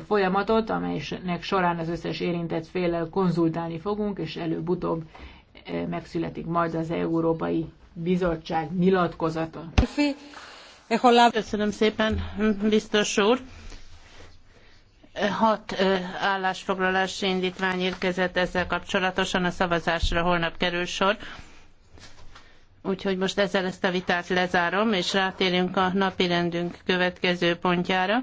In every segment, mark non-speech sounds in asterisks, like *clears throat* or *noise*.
folyamatot, amelynek során az összes érintett féllel konzultálni fogunk, és előbb-utóbb eh, megszületik majd az Európai Bizottság nyilatkozata. Köszönöm szépen, biztos úr. Hat eh, állásfoglalási indítvány érkezett ezzel kapcsolatosan, a szavazásra holnap kerül sor. Úgyhogy most ezzel ezt a vitát lezárom, és rátérünk a napirendünk következő pontjára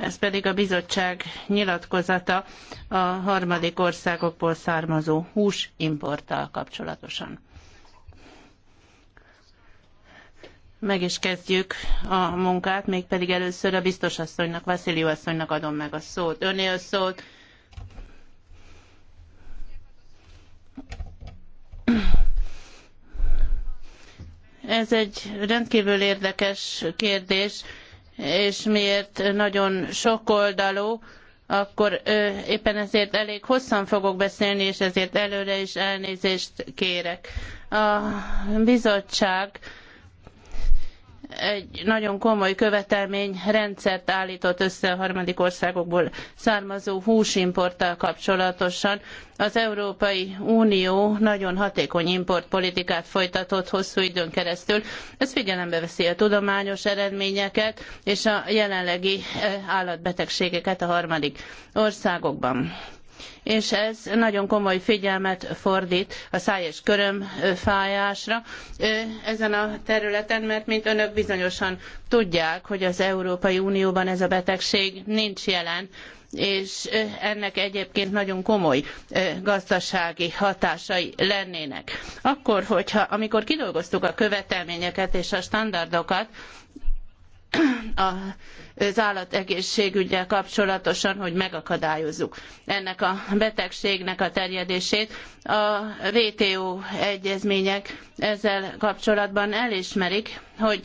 ez pedig a bizottság nyilatkozata a harmadik országokból származó húsimporttal kapcsolatosan. Meg is kezdjük a munkát, mégpedig először a biztos asszonynak, Vasziliu asszonynak adom meg a szót. Öné a szót. Ez egy rendkívül érdekes kérdés és miért nagyon sokoldalú, akkor éppen ezért elég hosszan fogok beszélni, és ezért előre is elnézést kérek. A bizottság egy nagyon komoly követelményrendszert állított össze a harmadik országokból származó húsimporttal kapcsolatosan. Az Európai Unió nagyon hatékony importpolitikát folytatott hosszú időn keresztül. Ez figyelembe veszi a tudományos eredményeket és a jelenlegi eh, állatbetegségeket a harmadik országokban és ez nagyon komoly figyelmet fordít a száj és körömfájásra ezen a területen, mert mint önök bizonyosan tudják, hogy az Európai Unióban ez a betegség nincs jelen, és ennek egyébként nagyon komoly gazdasági hatásai lennének. Akkor, hogyha amikor kidolgoztuk a követelményeket és a standardokat, az állategészségügyel kapcsolatosan, hogy megakadályozzuk ennek a betegségnek a terjedését. A WTO egyezmények ezzel kapcsolatban elismerik, hogy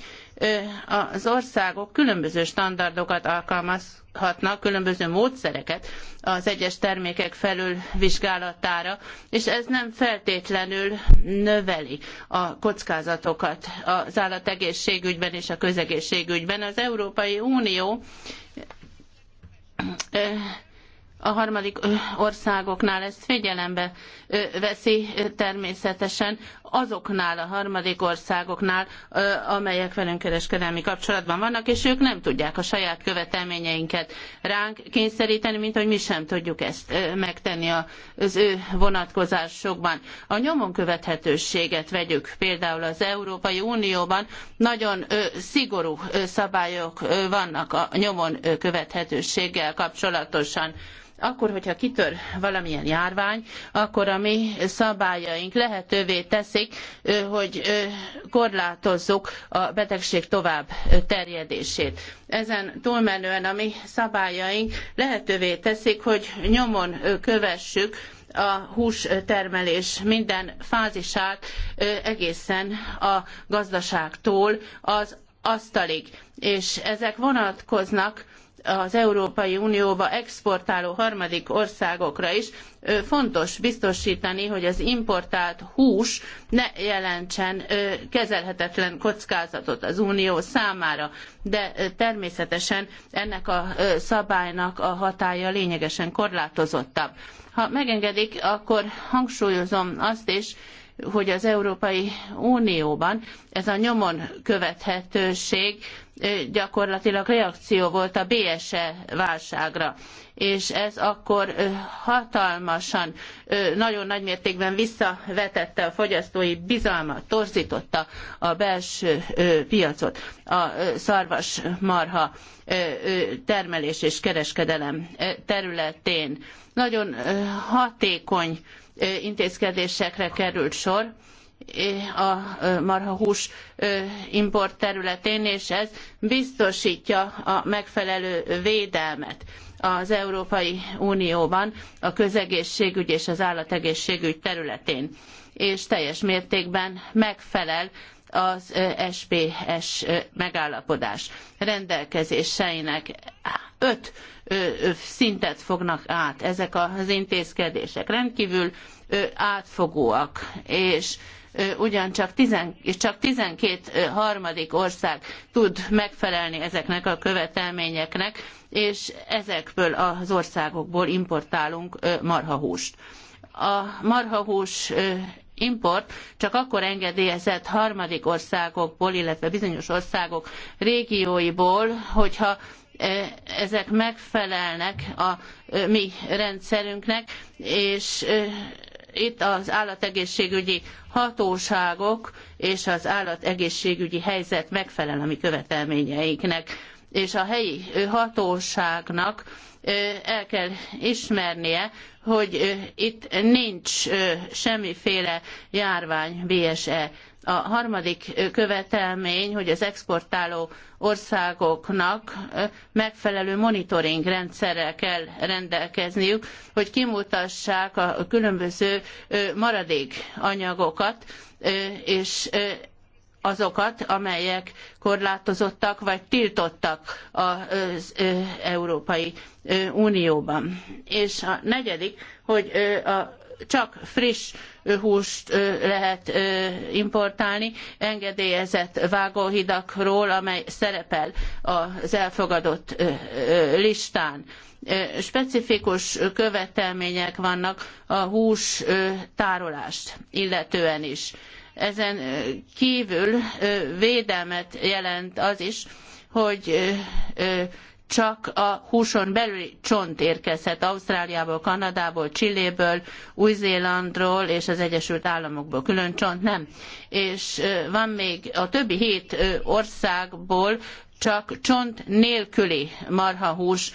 az országok különböző standardokat alkalmazhatnak, különböző módszereket az egyes termékek felül vizsgálatára, és ez nem feltétlenül növeli a kockázatokat az állategészségügyben és a közegészségügyben. Az Európai Unió a harmadik országoknál ezt figyelembe veszi természetesen azoknál a harmadik országoknál, amelyek velünk kereskedelmi kapcsolatban vannak, és ők nem tudják a saját követelményeinket ránk kényszeríteni, mint hogy mi sem tudjuk ezt megtenni az ő vonatkozásokban. A nyomon követhetőséget vegyük például az Európai Unióban, nagyon szigorú szabályok vannak a nyomon követhetőséggel kapcsolatosan akkor, hogyha kitör valamilyen járvány, akkor a mi szabályaink lehetővé teszik, teszik, hogy korlátozzuk a betegség tovább terjedését. Ezen túlmenően a mi szabályaink lehetővé teszik, hogy nyomon kövessük a hústermelés minden fázisát egészen a gazdaságtól az asztalig, és ezek vonatkoznak az Európai Unióba exportáló harmadik országokra is fontos biztosítani, hogy az importált hús ne jelentsen kezelhetetlen kockázatot az Unió számára, de természetesen ennek a szabálynak a hatálya lényegesen korlátozottabb. Ha megengedik, akkor hangsúlyozom azt is, hogy az Európai Unióban ez a nyomon követhetőség gyakorlatilag reakció volt a BSE válságra, és ez akkor hatalmasan, nagyon nagy mértékben visszavetette a fogyasztói bizalmat, torzította a belső piacot, a szarvasmarha termelés és kereskedelem területén. Nagyon hatékony intézkedésekre került sor a marhahús import területén, és ez biztosítja a megfelelő védelmet az Európai Unióban a közegészségügy és az állategészségügy területén és teljes mértékben megfelel az SPS megállapodás rendelkezéseinek öt szintet fognak át ezek az intézkedések. Rendkívül átfogóak, és ugyancsak tizen, és csak 12 harmadik ország tud megfelelni ezeknek a követelményeknek, és ezekből az országokból importálunk marhahúst. A marhahús import csak akkor engedélyezett harmadik országokból, illetve bizonyos országok régióiból, hogyha e, ezek megfelelnek a e, mi rendszerünknek, és e, itt az állategészségügyi hatóságok és az állategészségügyi helyzet megfelel a mi követelményeinknek. És a helyi hatóságnak el kell ismernie, hogy itt nincs semmiféle járvány BSE. A harmadik követelmény, hogy az exportáló országoknak megfelelő monitoring rendszerrel kell rendelkezniük, hogy kimutassák a különböző maradék anyagokat, és azokat, amelyek korlátozottak vagy tiltottak az Európai Unióban. És a negyedik, hogy a csak friss húst lehet importálni engedélyezett vágóhidakról, amely szerepel az elfogadott listán. Specifikus követelmények vannak a hús tárolást illetően is ezen kívül védelmet jelent az is, hogy csak a húson belüli csont érkezhet Ausztráliából, Kanadából, Csilléből, Új-Zélandról és az Egyesült Államokból. Külön csont nem. És van még a többi hét országból csak csont nélküli marhahús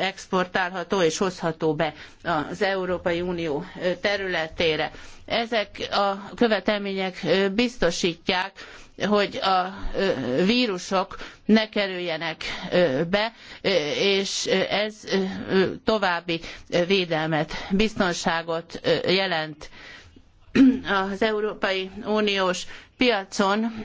exportálható és hozható be az Európai Unió területére. Ezek a követelmények biztosítják, hogy a vírusok ne kerüljenek be, és ez további védelmet, biztonságot jelent az Európai Uniós piacon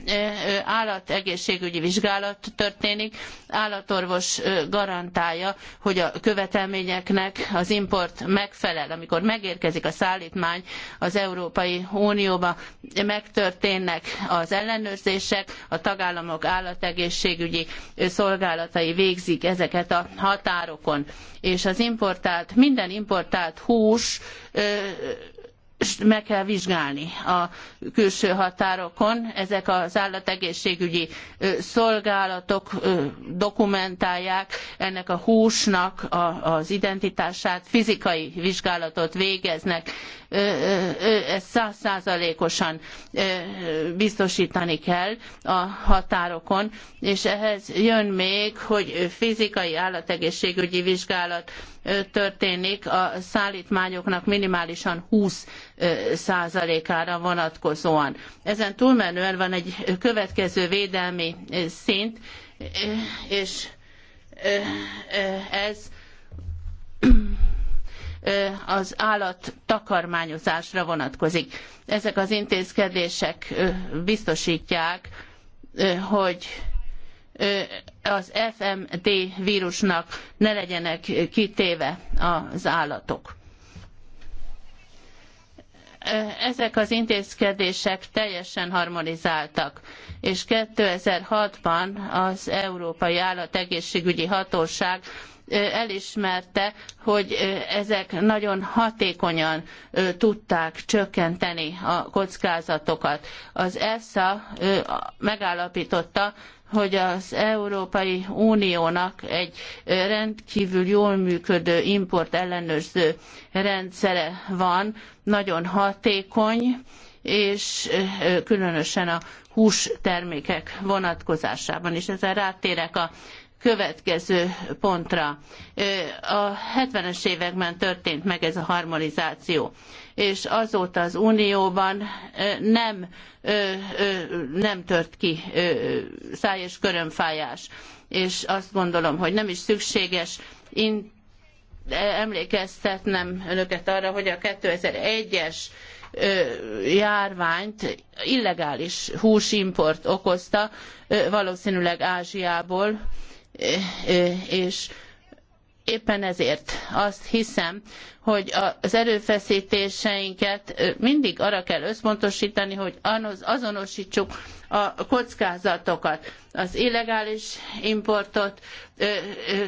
állategészségügyi vizsgálat történik, állatorvos garantálja, hogy a követelményeknek az import megfelel. Amikor megérkezik a szállítmány az Európai Unióba, megtörténnek az ellenőrzések, a tagállamok állategészségügyi szolgálatai végzik ezeket a határokon. És az importált, minden importált hús meg kell vizsgálni a külső határokon. Ezek az állategészségügyi szolgálatok dokumentálják ennek a húsnak az identitását, fizikai vizsgálatot végeznek. Ezt százszázalékosan biztosítani kell a határokon, és ehhez jön még, hogy fizikai állategészségügyi vizsgálat történik, a szállítmányoknak minimálisan 20 százalékára vonatkozóan. Ezen túlmenően van egy következő védelmi szint, és ez az állat takarmányozásra vonatkozik. Ezek az intézkedések biztosítják, hogy az FMD vírusnak ne legyenek kitéve az állatok ezek az intézkedések teljesen harmonizáltak, és 2006-ban az Európai Állategészségügyi Hatóság elismerte, hogy ezek nagyon hatékonyan tudták csökkenteni a kockázatokat. Az EFSA megállapította, hogy az Európai Uniónak egy rendkívül jól működő import ellenőrző rendszere van, nagyon hatékony, és különösen a hústermékek vonatkozásában is. Ezzel rátérek a következő pontra. A 70-es években történt meg ez a harmonizáció és azóta az Unióban nem, nem tört ki száj és körömfájás. És azt gondolom, hogy nem is szükséges e- emlékeztetnem önöket arra, hogy a 2001-es járványt illegális húsimport okozta, valószínűleg Ázsiából, és éppen ezért azt hiszem, hogy az erőfeszítéseinket mindig arra kell összpontosítani, hogy azonosítsuk a kockázatokat. Az illegális importot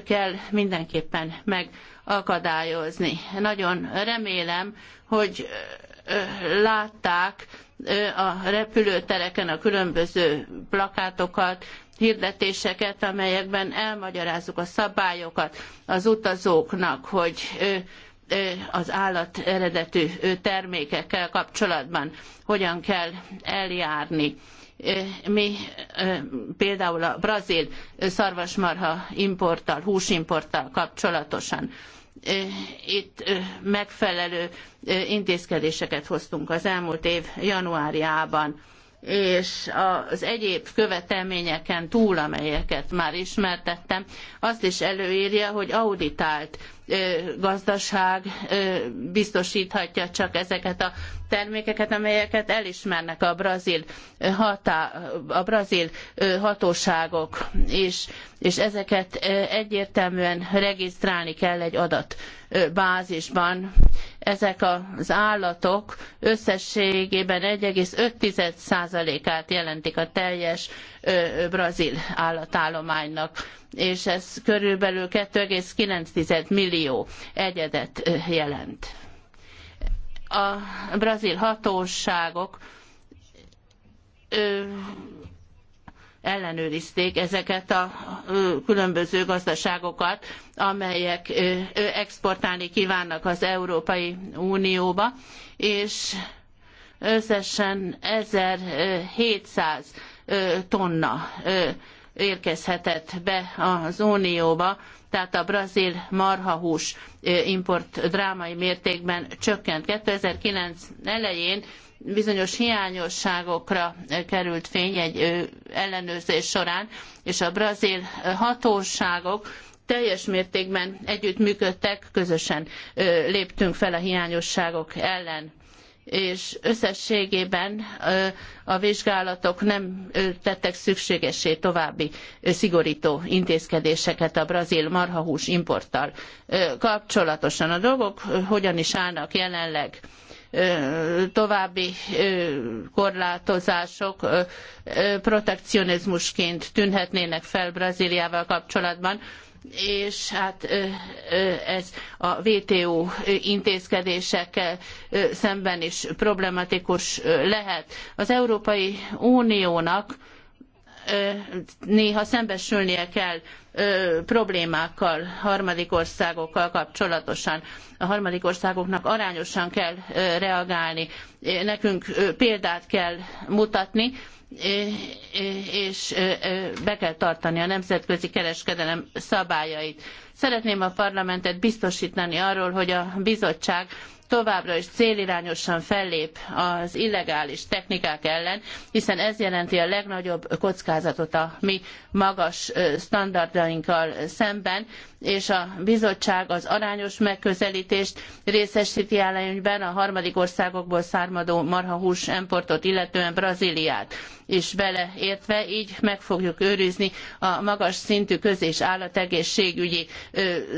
kell mindenképpen megakadályozni. Nagyon remélem, hogy látták a repülőtereken a különböző plakátokat, hirdetéseket, amelyekben elmagyarázzuk a szabályokat az utazóknak, hogy az állat eredetű termékekkel kapcsolatban hogyan kell eljárni. Mi például a brazil szarvasmarha importtal, húsimporttal kapcsolatosan itt megfelelő intézkedéseket hoztunk az elmúlt év januárjában és az egyéb követelményeken túl, amelyeket már ismertettem, azt is előírja, hogy auditált gazdaság biztosíthatja csak ezeket a termékeket, amelyeket elismernek a brazil, hatá, a brazil hatóságok, és, és ezeket egyértelműen regisztrálni kell egy adatbázisban. Ezek az állatok összességében 1,5%-át jelentik a teljes brazil állatállománynak, és ez körülbelül 2,9 millió egyedet jelent. A brazil hatóságok ö, ellenőrizték ezeket a különböző gazdaságokat, amelyek exportálni kívánnak az Európai Unióba, és összesen 1700 tonna érkezhetett be az Unióba, tehát a brazil marhahús import drámai mértékben csökkent. 2009 elején bizonyos hiányosságokra került fény egy ellenőrzés során, és a brazil hatóságok teljes mértékben együttműködtek, közösen léptünk fel a hiányosságok ellen és összességében a vizsgálatok nem tettek szükségessé további szigorító intézkedéseket a brazil marhahús importtal kapcsolatosan. A dolgok hogyan is állnak jelenleg? további korlátozások protekcionizmusként tűnhetnének fel Brazíliával kapcsolatban és hát ez a WTO intézkedésekkel szemben is problematikus lehet. Az Európai Uniónak néha szembesülnie kell problémákkal harmadik országokkal kapcsolatosan. A harmadik országoknak arányosan kell reagálni, nekünk példát kell mutatni, és be kell tartani a nemzetközi kereskedelem szabályait. Szeretném a parlamentet biztosítani arról, hogy a bizottság továbbra is célirányosan fellép az illegális technikák ellen, hiszen ez jelenti a legnagyobb kockázatot a mi magas standardainkkal szemben, és a bizottság az arányos megközelítést részesíti előnyben a harmadik országokból származó marhahús importot, illetően Brazíliát is beleértve, így meg fogjuk őrizni a magas szintű köz- és állategészségügyi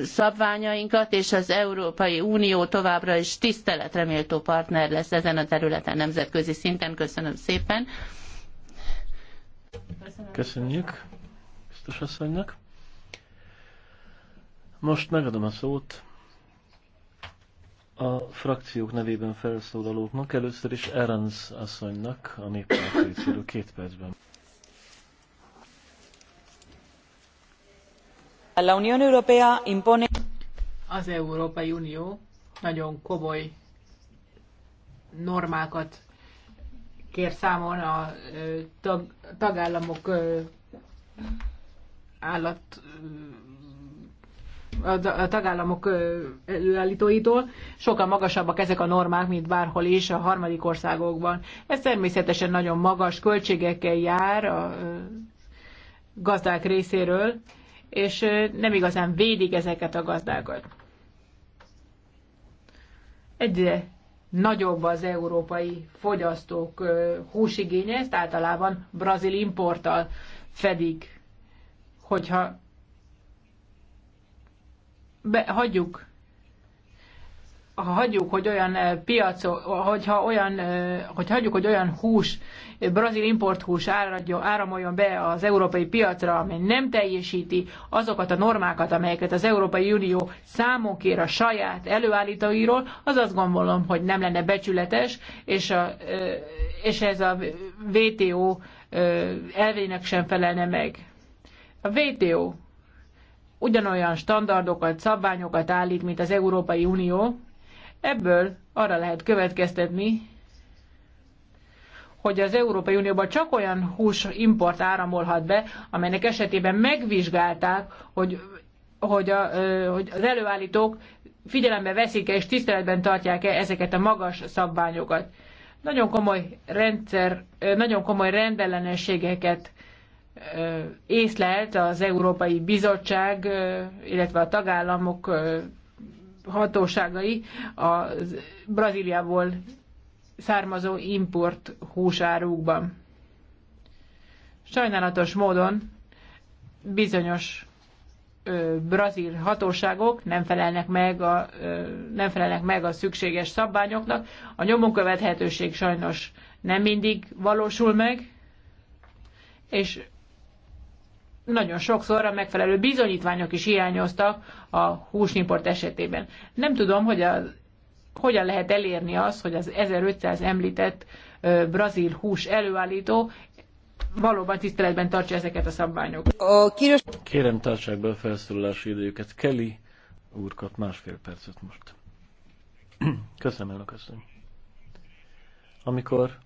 szabványainkat, és az Európai Unió továbbra is tiszteletre méltó partner lesz ezen a területen nemzetközi szinten. Köszönöm szépen. Köszönjük biztos asszonynak. Most megadom a szót a frakciók nevében felszólalóknak, először is Erens asszonynak, a néppárt két percben. La Unión Europea impone... Az Európai Unió nagyon komoly normákat kér számon a tag, tagállamok állat a tagállamok előállítóitól. Sokkal magasabbak ezek a normák, mint bárhol is a harmadik országokban. Ez természetesen nagyon magas költségekkel jár a gazdák részéről, és nem igazán védik ezeket a gazdákat. Egyre nagyobb az európai fogyasztók húsigénye, ezt általában brazil importtal fedik. Hogyha be, hagyjuk ha hagyjuk, hogy olyan eh, piac, eh, hogyha olyan, eh, hogy hagyjuk, hogy olyan hús, brazil import importhús áramoljon be az európai piacra, ami nem teljesíti azokat a normákat, amelyeket az Európai Unió számokér a saját előállítóiról, az azt gondolom, hogy nem lenne becsületes, és, a, és ez a WTO elvének sem felelne meg. A WTO ugyanolyan standardokat, szabványokat állít, mint az Európai Unió, Ebből arra lehet következtetni, hogy az Európai Unióban csak olyan hús import áramolhat be, amelynek esetében megvizsgálták, hogy, hogy, a, hogy az előállítók figyelembe veszik-e és tiszteletben tartják-e ezeket a magas szabványokat. Nagyon komoly rendszer, nagyon komoly rendellenességeket észlelt az Európai Bizottság, illetve a tagállamok hatóságai a Brazíliából származó import húsárukban. Sajnálatos módon bizonyos ö, brazil hatóságok nem felelnek, meg a, ö, nem felelnek meg a szükséges szabványoknak. A nyomon követhetőség sajnos nem mindig valósul meg, és nagyon sokszor a megfelelő bizonyítványok is hiányoztak a húsimport esetében. Nem tudom, hogy a, hogyan lehet elérni azt, hogy az 1500 említett ö, brazil hús előállító valóban tiszteletben tartsa ezeket a szabványokat. Kíros... Kérem, tartsák be a felszólalási időket. Kelly úr kap másfél percet most. Köszönöm, elnök Amikor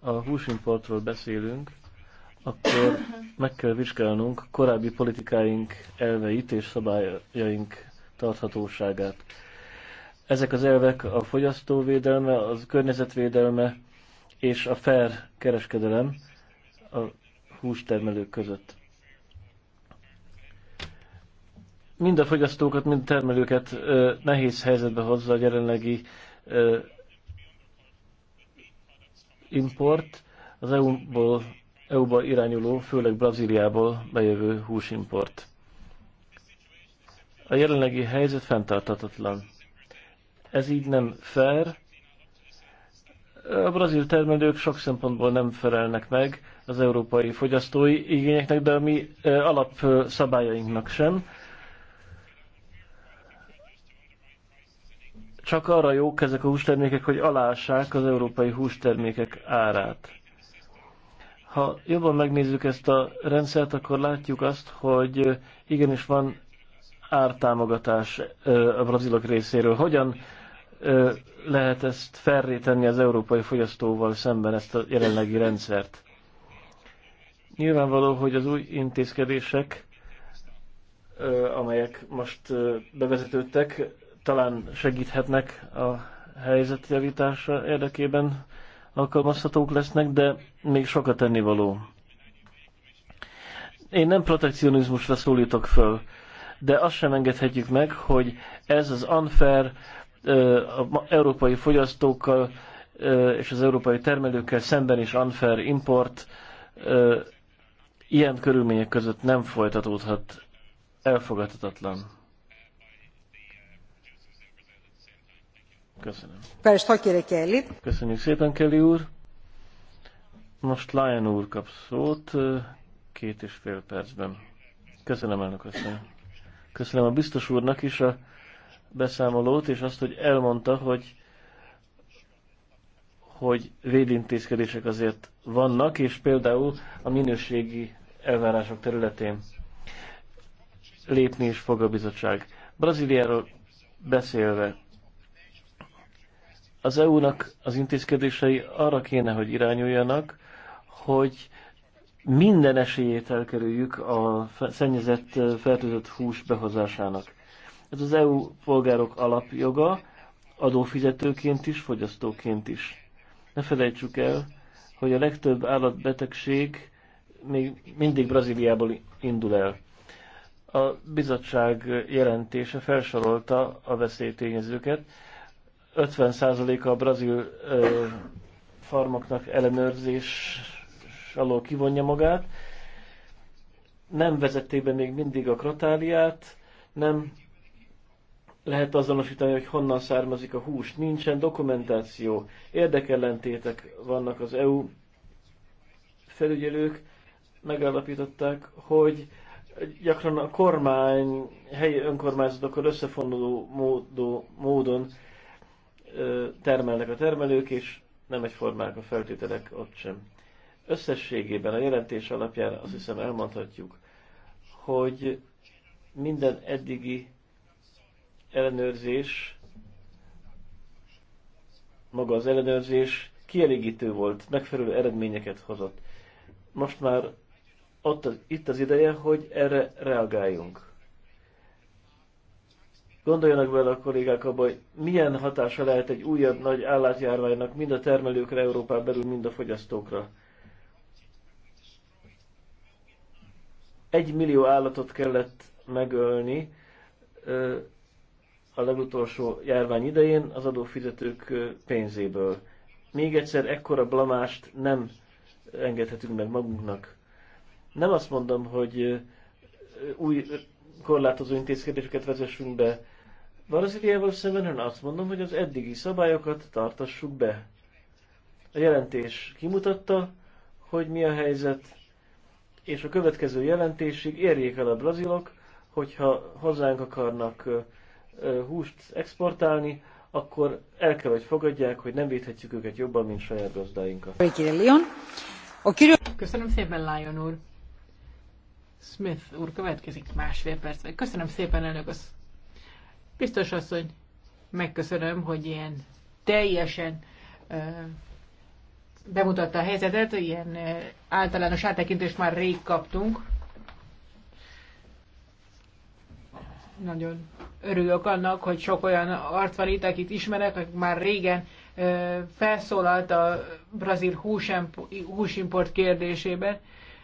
a húsimportról beszélünk, akkor meg kell vizsgálnunk korábbi politikáink elveit és szabályaink tarthatóságát. Ezek az elvek a fogyasztóvédelme, az környezetvédelme és a fair kereskedelem a hústermelők között. Mind a fogyasztókat, mind a termelőket ö, nehéz helyzetbe hozza a jelenlegi ö, import. Az EU-ból EU-ba irányuló, főleg Brazíliából bejövő húsimport. A jelenlegi helyzet fenntartatatlan. Ez így nem fair. A brazil termelők sok szempontból nem felelnek meg az európai fogyasztói igényeknek, de a mi e, alapszabályainknak e, sem. Csak arra jók ezek a hústermékek, hogy alássák az európai hústermékek árát ha jobban megnézzük ezt a rendszert, akkor látjuk azt, hogy igenis van ártámogatás a brazilok részéről. Hogyan lehet ezt ferré tenni az európai fogyasztóval szemben, ezt a jelenlegi rendszert? Nyilvánvaló, hogy az új intézkedések, amelyek most bevezetődtek, talán segíthetnek a helyzet érdekében alkalmazhatók lesznek, de még sokat tennivaló. Én nem protekcionizmusra szólítok föl, de azt sem engedhetjük meg, hogy ez az unfair, a európai fogyasztókkal és az európai termelőkkel szemben is unfair import ilyen körülmények között nem folytatódhat elfogadhatatlan. Köszönöm. Köszönjük szépen, Kelly úr. Most Lion úr kap szót két és fél percben. Köszönöm, elnök asszony. Köszönöm a biztos úrnak is a beszámolót, és azt, hogy elmondta, hogy hogy védintézkedések azért vannak, és például a minőségi elvárások területén lépni is fog a bizottság. Brazíliáról beszélve az EU-nak az intézkedései arra kéne, hogy irányuljanak, hogy minden esélyét elkerüljük a szennyezett, fertőzött hús behozásának. Ez az EU polgárok alapjoga, adófizetőként is, fogyasztóként is. Ne felejtsük el, hogy a legtöbb állatbetegség még mindig Brazíliából indul el. A bizottság jelentése felsorolta a veszélytényezőket, 50%-a a brazil ö, farmoknak ellenőrzés alól kivonja magát. Nem vezették be még mindig a krotáliát, nem lehet azonosítani, hogy honnan származik a hús. Nincsen dokumentáció, érdekellentétek vannak az EU felügyelők, megállapították, hogy gyakran a kormány helyi önkormányzatokkal összefonódó módon termelnek a termelők, és nem egyformák a feltételek ott sem. Összességében a jelentés alapján azt hiszem elmondhatjuk, hogy minden eddigi ellenőrzés, maga az ellenőrzés kielégítő volt, megfelelő eredményeket hozott. Most már ott az, itt az ideje, hogy erre reagáljunk. Gondoljanak bele a kollégák abba, hogy milyen hatása lehet egy újabb nagy állatjárványnak mind a termelőkre Európán belül, mind a fogyasztókra. Egy millió állatot kellett megölni a legutolsó járvány idején az adófizetők pénzéből. Még egyszer ekkora blamást nem engedhetünk meg magunknak. Nem azt mondom, hogy új korlátozó intézkedéseket vezessünk be Brazíliával szemben ön azt mondom, hogy az eddigi szabályokat tartassuk be. A jelentés kimutatta, hogy mi a helyzet, és a következő jelentésig érjék el a brazilok, hogyha hozzánk akarnak húst exportálni, akkor el kell, hogy fogadják, hogy nem védhetjük őket jobban, mint saját gazdáinkat. Köszönöm szépen, Lion úr! Smith úr következik másfél percben. Köszönöm szépen, elnök az. Biztos asszony, megköszönöm, hogy ilyen teljesen bemutatta a helyzetet, ilyen általános áttekintést már rég kaptunk. Nagyon örülök annak, hogy sok olyan arc van itt, akit ismerek, akik már régen felszólalt a brazil húsimport kérdésében.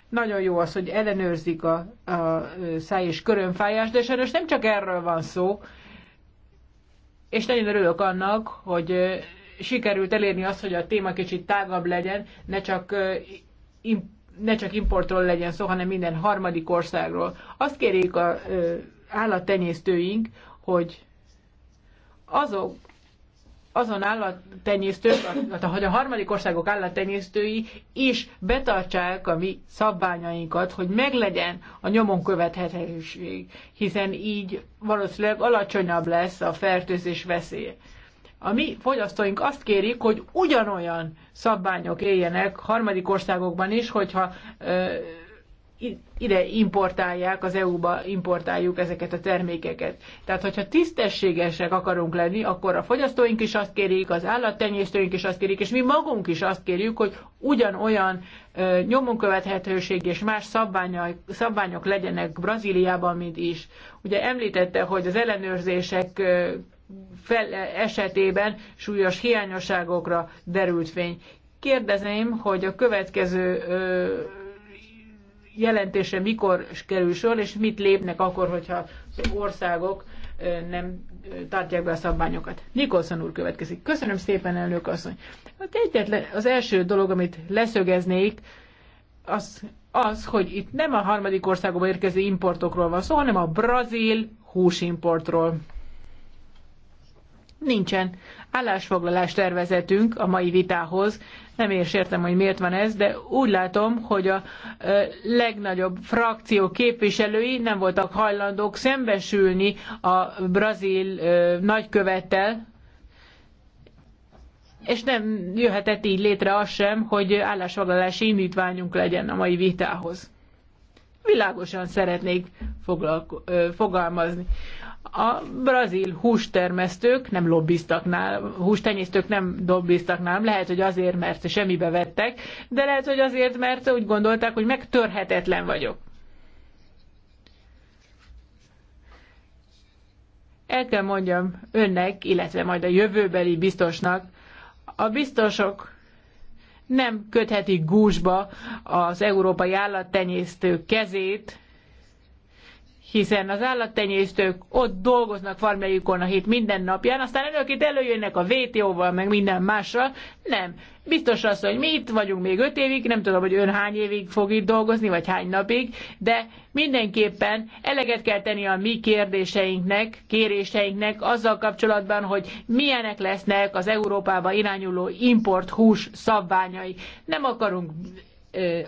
Nagyon jó az, hogy ellenőrzik a, a száj és körönfájást, de sajnos nem csak erről van szó, és nagyon örülök annak, hogy sikerült elérni azt, hogy a téma kicsit tágabb legyen, ne csak, ne csak importról legyen szó, hanem minden harmadik országról. Azt kérjük a állattenyésztőink, hogy azok, azon állattenyésztők, hát hogy a harmadik országok állattenyésztői is betartsák a mi szabványainkat, hogy meglegyen a nyomon követhetőség, hiszen így valószínűleg alacsonyabb lesz a fertőzés veszélye. A mi fogyasztóink azt kérik, hogy ugyanolyan szabványok éljenek harmadik országokban is, hogyha ö, ide importálják, az EU-ba importáljuk ezeket a termékeket. Tehát, hogyha tisztességesek akarunk lenni, akkor a fogyasztóink is azt kérik, az állattenyésztőink is azt kérik, és mi magunk is azt kérjük, hogy ugyanolyan ö, nyomon követhetőség és más szabványok, szabványok legyenek Brazíliában, mint is. Ugye említette, hogy az ellenőrzések ö, fel, esetében súlyos hiányosságokra derült fény. Kérdezném, hogy a következő ö, jelentése mikor kerül sor, és mit lépnek akkor, hogyha az országok nem tartják be a szabványokat. Nikolson úr következik. Köszönöm szépen, elnök asszony. Hát egyetlen, az első dolog, amit leszögeznék, az, az, hogy itt nem a harmadik országba érkező importokról van szó, hanem a brazil húsimportról. Nincsen Állásfoglalást tervezetünk a mai vitához. Nem is értem, hogy miért van ez, de úgy látom, hogy a legnagyobb frakció képviselői nem voltak hajlandók szembesülni a brazil nagykövettel, és nem jöhetett így létre az sem, hogy állásfoglalási indítványunk legyen a mai vitához. Világosan szeretnék fogalmazni a brazil hústermesztők nem lobbiztak nálam, hústenyésztők nem lobbiztak nálam, lehet, hogy azért, mert semmibe vettek, de lehet, hogy azért, mert úgy gondolták, hogy megtörhetetlen vagyok. El kell mondjam önnek, illetve majd a jövőbeli biztosnak, a biztosok nem köthetik gúzsba az európai állattenyésztők kezét, hiszen az állattenyésztők ott dolgoznak farmjainkon a hét minden napján, aztán önök itt előjönnek a VTO-val, meg minden mással. Nem. Biztos az, hogy mi itt vagyunk még öt évig, nem tudom, hogy ön hány évig fog itt dolgozni, vagy hány napig, de mindenképpen eleget kell tenni a mi kérdéseinknek, kéréseinknek azzal kapcsolatban, hogy milyenek lesznek az Európába irányuló import hús szabványai. Nem akarunk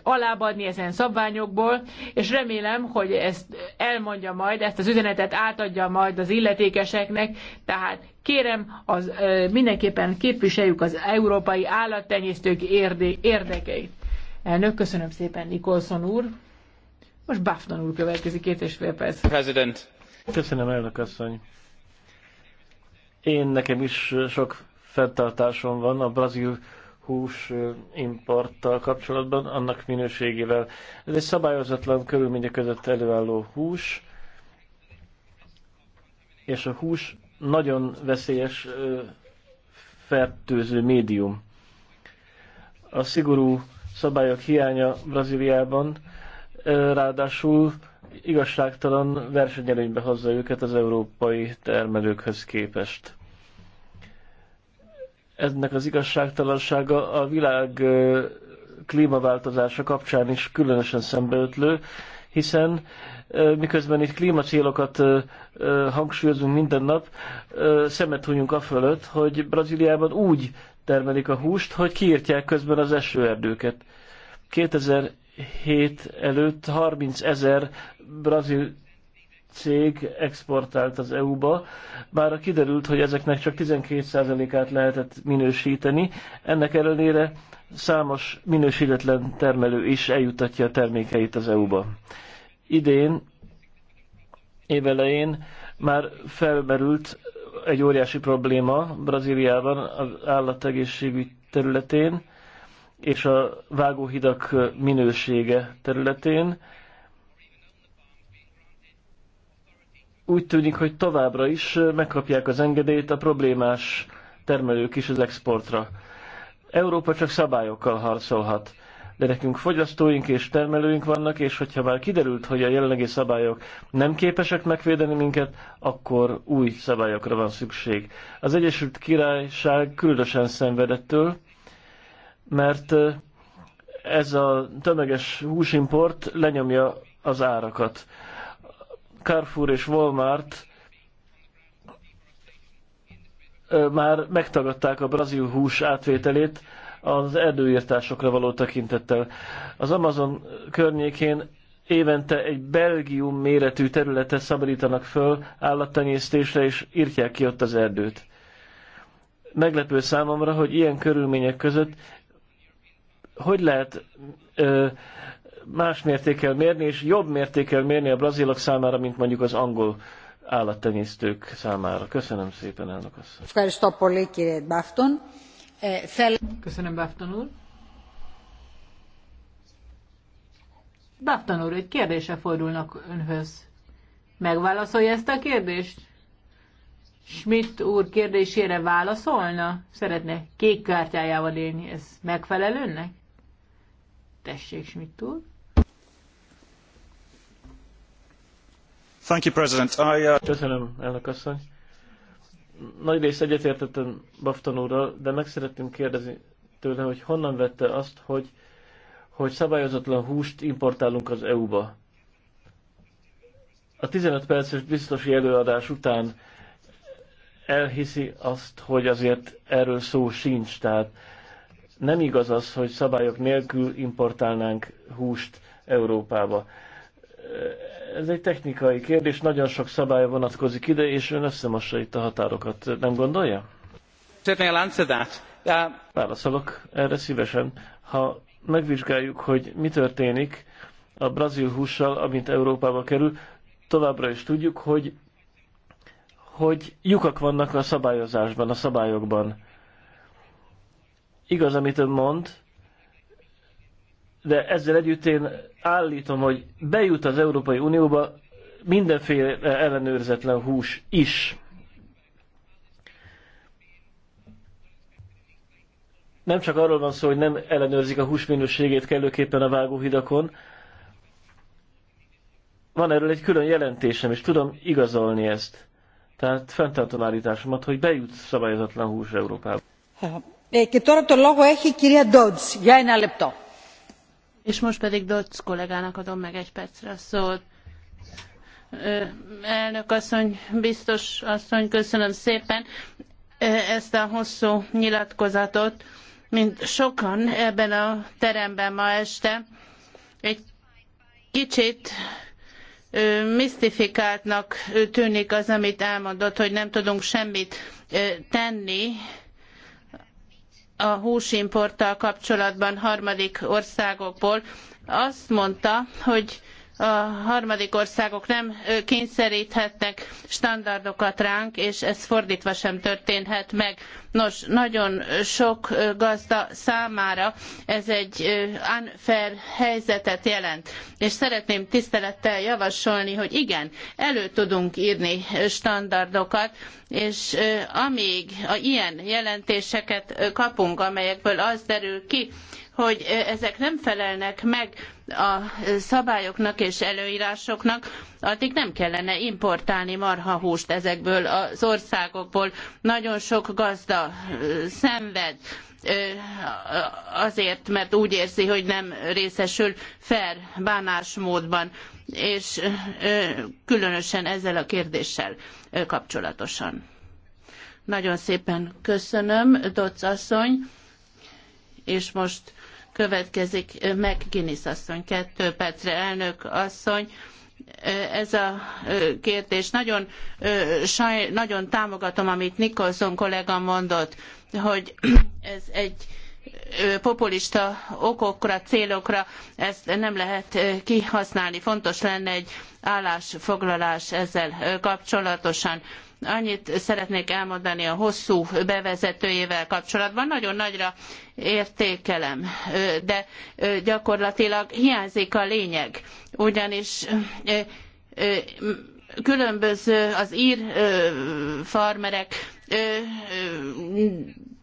alábadni ezen szabványokból, és remélem, hogy ezt elmondja majd, ezt az üzenetet átadja majd az illetékeseknek, tehát kérem, az, mindenképpen képviseljük az európai állattenyésztők érdekeit. Elnök, köszönöm szépen Nikolson úr. Most Bafton úr következik két és fél perc. President. Köszönöm, elnök asszony. Én nekem is sok fenntartásom van a brazil hús importtal kapcsolatban, annak minőségével. Ez egy szabályozatlan körülmények között előálló hús, és a hús nagyon veszélyes fertőző médium. A szigorú szabályok hiánya Brazíliában ráadásul igazságtalan versenyelőnybe hozza őket az európai termelőkhöz képest ennek az igazságtalansága a világ klímaváltozása kapcsán is különösen szembeötlő, hiszen miközben itt klímacélokat hangsúlyozunk minden nap, szemet hunyunk a fölött, hogy Brazíliában úgy termelik a húst, hogy kiírtják közben az esőerdőket. 2007 előtt 30 ezer brazil cég exportált az EU-ba, bár kiderült, hogy ezeknek csak 12%-át lehetett minősíteni, ennek ellenére számos minősítetlen termelő is eljutatja a termékeit az EU-ba. Idén, évelején már felmerült egy óriási probléma Brazíliában az állategészségügy területén és a vágóhidak minősége területén, úgy tűnik, hogy továbbra is megkapják az engedélyt a problémás termelők is az exportra. Európa csak szabályokkal harcolhat, de nekünk fogyasztóink és termelőink vannak, és hogyha már kiderült, hogy a jelenlegi szabályok nem képesek megvédeni minket, akkor új szabályokra van szükség. Az Egyesült Királyság különösen szenvedettől, mert ez a tömeges húsimport lenyomja az árakat Carrefour és Walmart már megtagadták a brazil hús átvételét az erdőírtásokra való tekintettel. Az Amazon környékén évente egy Belgium méretű területet szabadítanak föl állattenyésztésre, és írtják ki ott az erdőt. Meglepő számomra, hogy ilyen körülmények között hogy lehet ö, más mértékkel mérni, és jobb mértékkel mérni a brazilok számára, mint mondjuk az angol állattenyésztők számára. Köszönöm szépen, elnök asszony. Köszönöm, Bafton úr. Bafton úr, egy kérdése fordulnak önhöz. Megválaszolja ezt a kérdést? Schmidt úr kérdésére válaszolna? Szeretne kék kártyájával élni. Ez megfelel Tessék, Schmidt úr. Uh, Köszönöm, elnök asszony. Nagy részt egyetértettem Bafton úrral, de meg szeretném kérdezni tőle, hogy honnan vette azt, hogy, hogy szabályozatlan húst importálunk az EU-ba. A 15 perces biztosi előadás után elhiszi azt, hogy azért erről szó sincs. Tehát nem igaz az, hogy szabályok nélkül importálnánk húst Európába ez egy technikai kérdés, nagyon sok szabály vonatkozik ide, és ön összemossa itt a határokat, nem gondolja? Válaszolok erre szívesen. Ha megvizsgáljuk, hogy mi történik a brazil hússal, amint Európába kerül, továbbra is tudjuk, hogy, hogy lyukak vannak a szabályozásban, a szabályokban. Igaz, amit ön mond, de ezzel együtt én állítom, hogy bejut az Európai Unióba mindenféle ellenőrzetlen hús is. Nem csak arról van szó, hogy nem ellenőrzik a hús minőségét kellőképpen a vágóhidakon, van erről egy külön jelentésem, és tudom igazolni ezt. Tehát fenntartom állításomat, hogy bejut szabályozatlan hús Európába. Και τώρα το λόγο έχει η κυρία Ντότζ για ένα λεπτό. És most pedig Dodds kollégának adom meg egy percre a szót. Elnök asszony, biztos asszony, köszönöm szépen ezt a hosszú nyilatkozatot, mint sokan ebben a teremben ma este. Egy kicsit misztifikáltnak tűnik az, amit elmondott, hogy nem tudunk semmit tenni, a húsimporttal kapcsolatban harmadik országokból, azt mondta, hogy a harmadik országok nem kényszeríthetnek standardokat ránk, és ez fordítva sem történhet meg. Nos, nagyon sok gazda számára ez egy unfair helyzetet jelent, és szeretném tisztelettel javasolni, hogy igen, elő tudunk írni standardokat, és amíg a ilyen jelentéseket kapunk, amelyekből az derül ki, hogy ezek nem felelnek meg a szabályoknak és előírásoknak, addig nem kellene importálni marhahúst ezekből az országokból. Nagyon sok gazda szenved azért, mert úgy érzi, hogy nem részesül fair bánásmódban, és különösen ezzel a kérdéssel kapcsolatosan. Nagyon szépen köszönöm, Doc asszony, és most Következik meg Guinness asszony, kettő percre elnök asszony ez a kérdés. Nagyon, saj, nagyon támogatom, amit Nicholson kollega mondott, hogy *clears throat* ez egy populista okokra, célokra ezt nem lehet kihasználni. Fontos lenne egy állásfoglalás ezzel kapcsolatosan. Annyit szeretnék elmondani a hosszú bevezetőjével kapcsolatban. Nagyon nagyra értékelem, de gyakorlatilag hiányzik a lényeg, ugyanis különböző az ír farmerek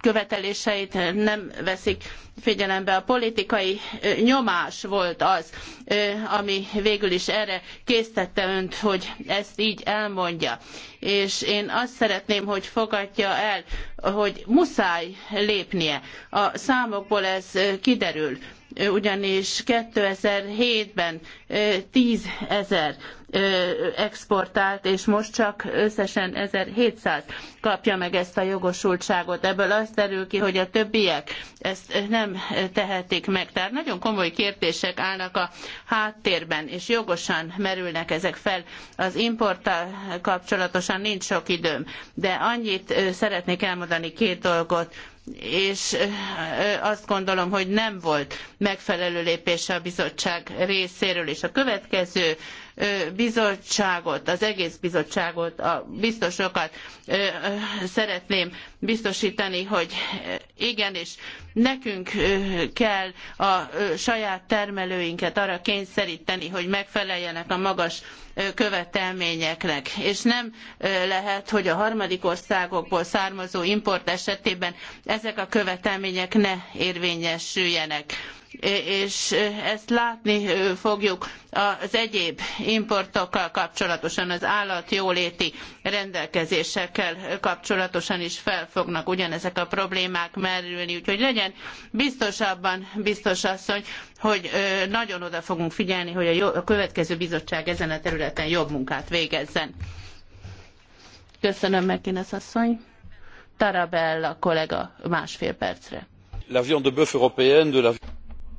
követeléseit nem veszik figyelembe. A politikai nyomás volt az, ami végül is erre késztette önt, hogy ezt így elmondja. És én azt szeretném, hogy fogadja el, hogy muszáj lépnie. A számokból ez kiderül ugyanis 2007-ben 10 ezer exportált, és most csak összesen 1700 kapja meg ezt a jogosultságot. Ebből azt derül ki, hogy a többiek ezt nem tehetik meg. Tehát nagyon komoly kérdések állnak a háttérben, és jogosan merülnek ezek fel. Az importtal kapcsolatosan nincs sok időm, de annyit szeretnék elmondani két dolgot és azt gondolom, hogy nem volt megfelelő lépése a bizottság részéről, és a következő bizottságot, az egész bizottságot, a biztosokat szeretném biztosítani, hogy igenis nekünk kell a saját termelőinket arra kényszeríteni, hogy megfeleljenek a magas követelményeknek. És nem lehet, hogy a harmadik országokból származó import esetében ezek a követelmények ne érvényesüljenek és ezt látni fogjuk az egyéb importokkal kapcsolatosan, az állatjóléti rendelkezésekkel kapcsolatosan is fel fognak ugyanezek a problémák merülni. Úgyhogy legyen biztosabban, biztos asszony, hogy nagyon oda fogunk figyelni, hogy a, jó, a következő bizottság ezen a területen jobb munkát végezzen. Köszönöm, Mekines asszony. Tarabella kollega másfél percre. La viande de bœuf européenne de la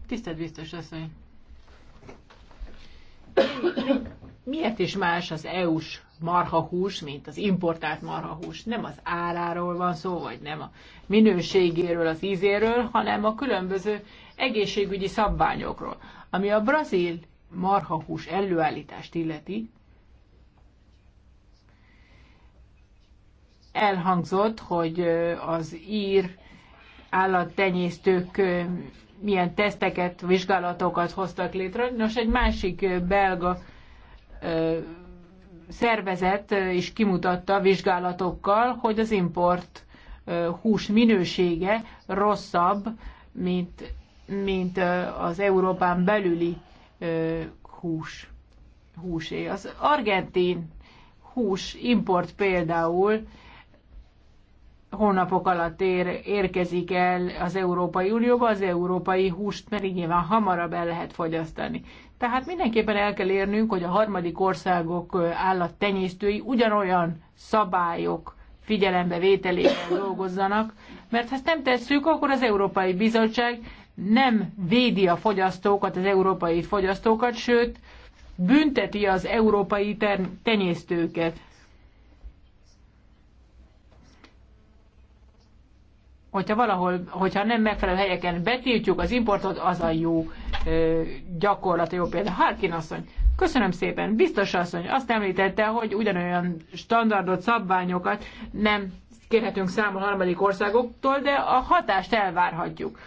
Tisztelt biztos asszony! Miért is más az EU-s marhahús, mint az importált marhahús? Nem az áráról van szó, vagy nem a minőségéről, az ízéről, hanem a különböző egészségügyi szabványokról. Ami a brazil marhahús előállítást illeti, elhangzott, hogy az ír állattenyésztők milyen teszteket, vizsgálatokat hoztak létre. Nos, egy másik belga szervezet is kimutatta vizsgálatokkal, hogy az import hús minősége rosszabb, mint, mint az Európán belüli hús, húsé. Az argentin hús import például hónapok alatt ér, érkezik el az Európai Unióba, az európai húst így nyilván hamarabb el lehet fogyasztani. Tehát mindenképpen el kell érnünk, hogy a harmadik országok állattenyésztői ugyanolyan szabályok figyelembe vételével *coughs* dolgozzanak, mert ha ezt nem tesszük, akkor az Európai Bizottság nem védi a fogyasztókat, az európai fogyasztókat, sőt, bünteti az európai tenyésztőket. hogyha valahol, hogyha nem megfelelő helyeken betiltjuk az importot, az a jó ö, gyakorlat, jó példa. Harkin asszony, köszönöm szépen. Biztos asszony azt említette, hogy ugyanolyan standardot, szabványokat nem kérhetünk számon harmadik országoktól, de a hatást elvárhatjuk.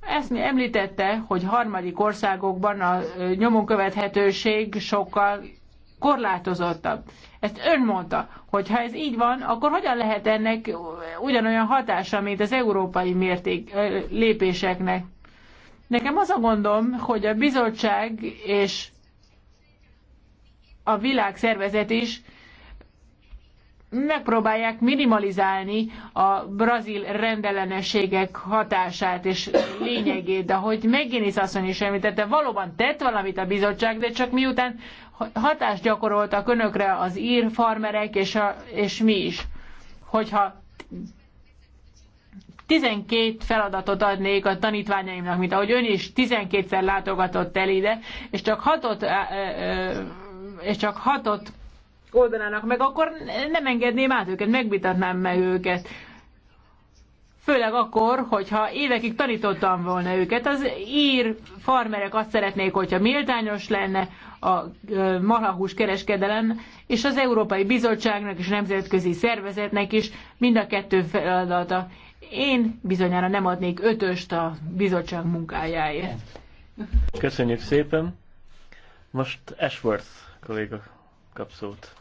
Ezt mi említette, hogy harmadik országokban a nyomon követhetőség sokkal korlátozottabb. Ezt ön mondta. Hogyha ez így van, akkor hogyan lehet ennek ugyanolyan hatása, mint az európai mérték lépéseknek? Nekem az a gondom, hogy a bizottság és a világszervezet is megpróbálják minimalizálni a brazil rendellenességek hatását és lényegét, de hogy megint asszony is említette, valóban tett valamit a bizottság, de csak miután hatást gyakoroltak önökre az ír farmerek és, a, és mi is. Hogyha 12 feladatot adnék a tanítványaimnak, mint ahogy ön is 12-szer látogatott el ide, és csak hatot, és csak hatot oldalának meg, akkor nem engedném át őket, megvitatnám meg őket. Főleg akkor, hogyha évekig tanítottam volna őket, az ír farmerek azt szeretnék, hogyha méltányos lenne a marhahús kereskedelem, és az Európai Bizottságnak és nemzetközi szervezetnek is mind a kettő feladata. Én bizonyára nem adnék ötöst a bizottság munkájáért. Köszönjük szépen. Most Ashworth kolléga kap szót.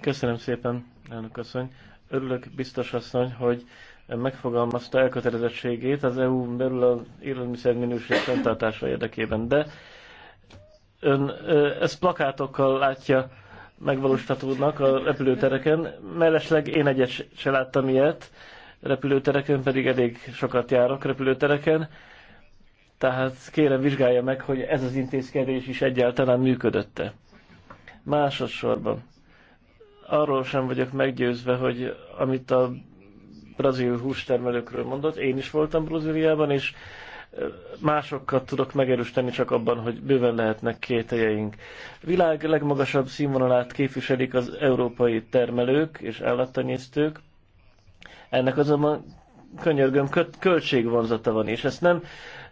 Köszönöm szépen, elnök asszony. Örülök, biztos asszony, hogy megfogalmazta elkötelezettségét az eu belül az minőség fenntartása érdekében. De ön ezt plakátokkal látja megvalósítatódnak a repülőtereken. Mellesleg én egyet se láttam ilyet, repülőtereken pedig elég sokat járok repülőtereken. Tehát kérem vizsgálja meg, hogy ez az intézkedés is egyáltalán működötte. Másodszorban arról sem vagyok meggyőzve, hogy amit a brazil hústermelőkről mondott, én is voltam Brazíliában, és másokat tudok megerősíteni csak abban, hogy bőven lehetnek kételjeink. Világ legmagasabb színvonalát képviselik az európai termelők és állattenyésztők. Ennek azonban könyörgöm, költségvonzata van, és ezt nem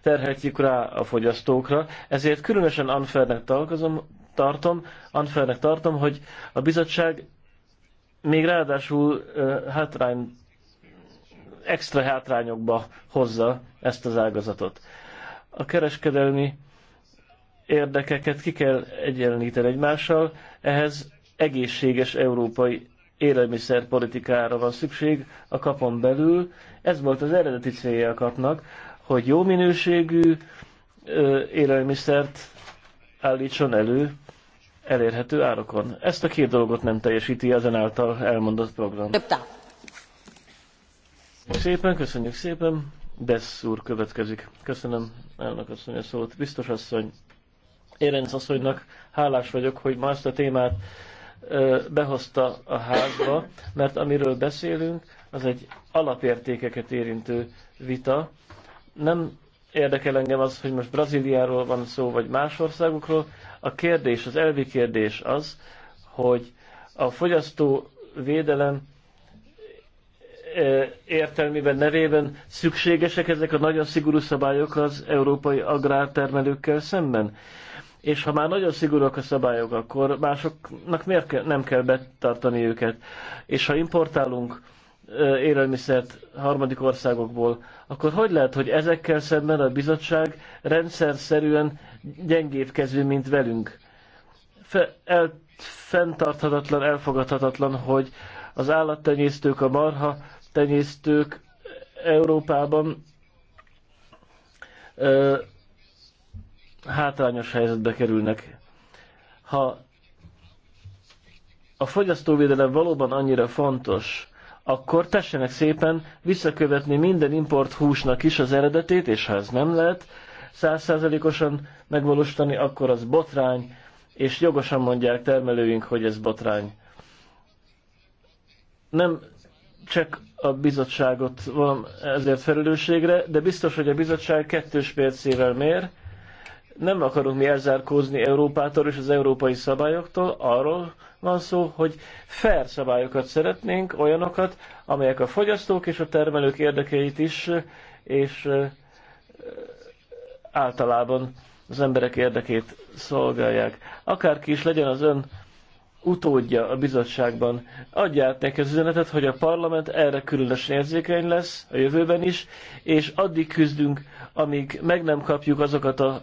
terhetjük rá a fogyasztókra, ezért különösen unfairnek tartom, tartom, unfairnek tartom, hogy a bizottság még ráadásul hátrány, extra hátrányokba hozza ezt az ágazatot. A kereskedelmi érdekeket ki kell egyenlíteni egymással, ehhez egészséges európai élelmiszerpolitikára van szükség a kapon belül. Ez volt az eredeti célja a kapnak, hogy jó minőségű élelmiszert állítson elő elérhető árakon. Ezt a két dolgot nem teljesíti ezen által elmondott program. Szépen, köszönjük szépen. Bessz úr következik. Köszönöm, elnök asszony a szót. Biztos asszony, Érenc asszonynak hálás vagyok, hogy ma ezt a témát ö, behozta a házba, mert amiről beszélünk, az egy alapértékeket érintő vita. Nem érdekel engem az, hogy most Brazíliáról van szó, vagy más országokról, a kérdés, az elvi kérdés az, hogy a fogyasztó védelem e, értelmében, nevében szükségesek ezek a nagyon szigorú szabályok az európai agrártermelőkkel szemben. És ha már nagyon szigorúak a szabályok, akkor másoknak miért nem kell betartani őket? És ha importálunk e, élelmiszert harmadik országokból, akkor hogy lehet, hogy ezekkel szemben a bizottság rendszer szerűen gyengébb kezű, mint velünk. Fe, el, fenntarthatatlan, elfogadhatatlan, hogy az állattenyésztők, a marha tenyésztők Európában ö, hátrányos helyzetbe kerülnek. Ha a fogyasztóvédelem valóban annyira fontos, akkor tessenek szépen visszakövetni minden import húsnak is az eredetét, és ha ez nem lehet, százszázalékosan megvalósítani, akkor az botrány, és jogosan mondják termelőink, hogy ez botrány. Nem csak a bizottságot van ezért felelősségre, de biztos, hogy a bizottság kettős pércével mér. Nem akarunk mi elzárkózni Európától és az európai szabályoktól, arról van szó, hogy fair szabályokat szeretnénk, olyanokat, amelyek a fogyasztók és a termelők érdekeit is, és általában az emberek érdekét szolgálják. Akárki is legyen az ön utódja a bizottságban, adját neki az üzenetet, hogy a parlament erre különösen érzékeny lesz a jövőben is, és addig küzdünk, amíg meg nem kapjuk azokat a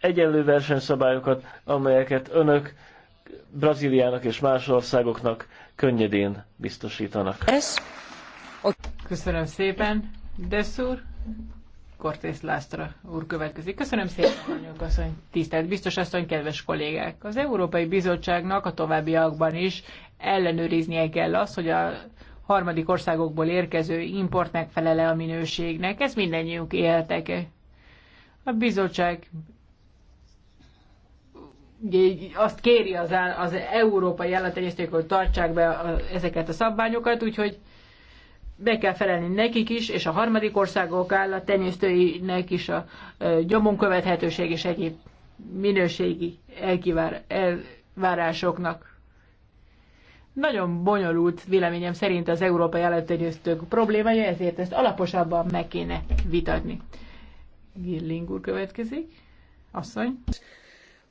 egyenlő versenyszabályokat, amelyeket önök Brazíliának és más országoknak könnyedén biztosítanak. Köszönöm szépen, Dessur. Kortész Lászra úr következik. Köszönöm szépen, Nagyon asszony, tisztelt biztos asszony, kedves kollégák! Az Európai Bizottságnak a továbbiakban is ellenőriznie kell azt, hogy a harmadik országokból érkező import megfelele a minőségnek. Ez mindennyiunk élteke. A bizottság azt kéri az, az európai állattenyésztők, hogy tartsák be ezeket a szabványokat, úgyhogy be kell felelni nekik is, és a harmadik országok állattenyésztőinek is a gyomon követhetőség és egyéb minőségi elkivár, elvárásoknak. Nagyon bonyolult véleményem szerint az európai állattenyésztők problémája, ezért ezt alaposabban meg kéne vitatni. Gilling úr következik. Asszony.